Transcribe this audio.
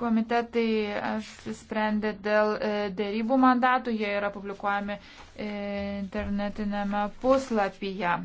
komitetai apsisprendė dėl e, dėrybų mandatų, jie yra publikuojami e, internetinėme puslapyje.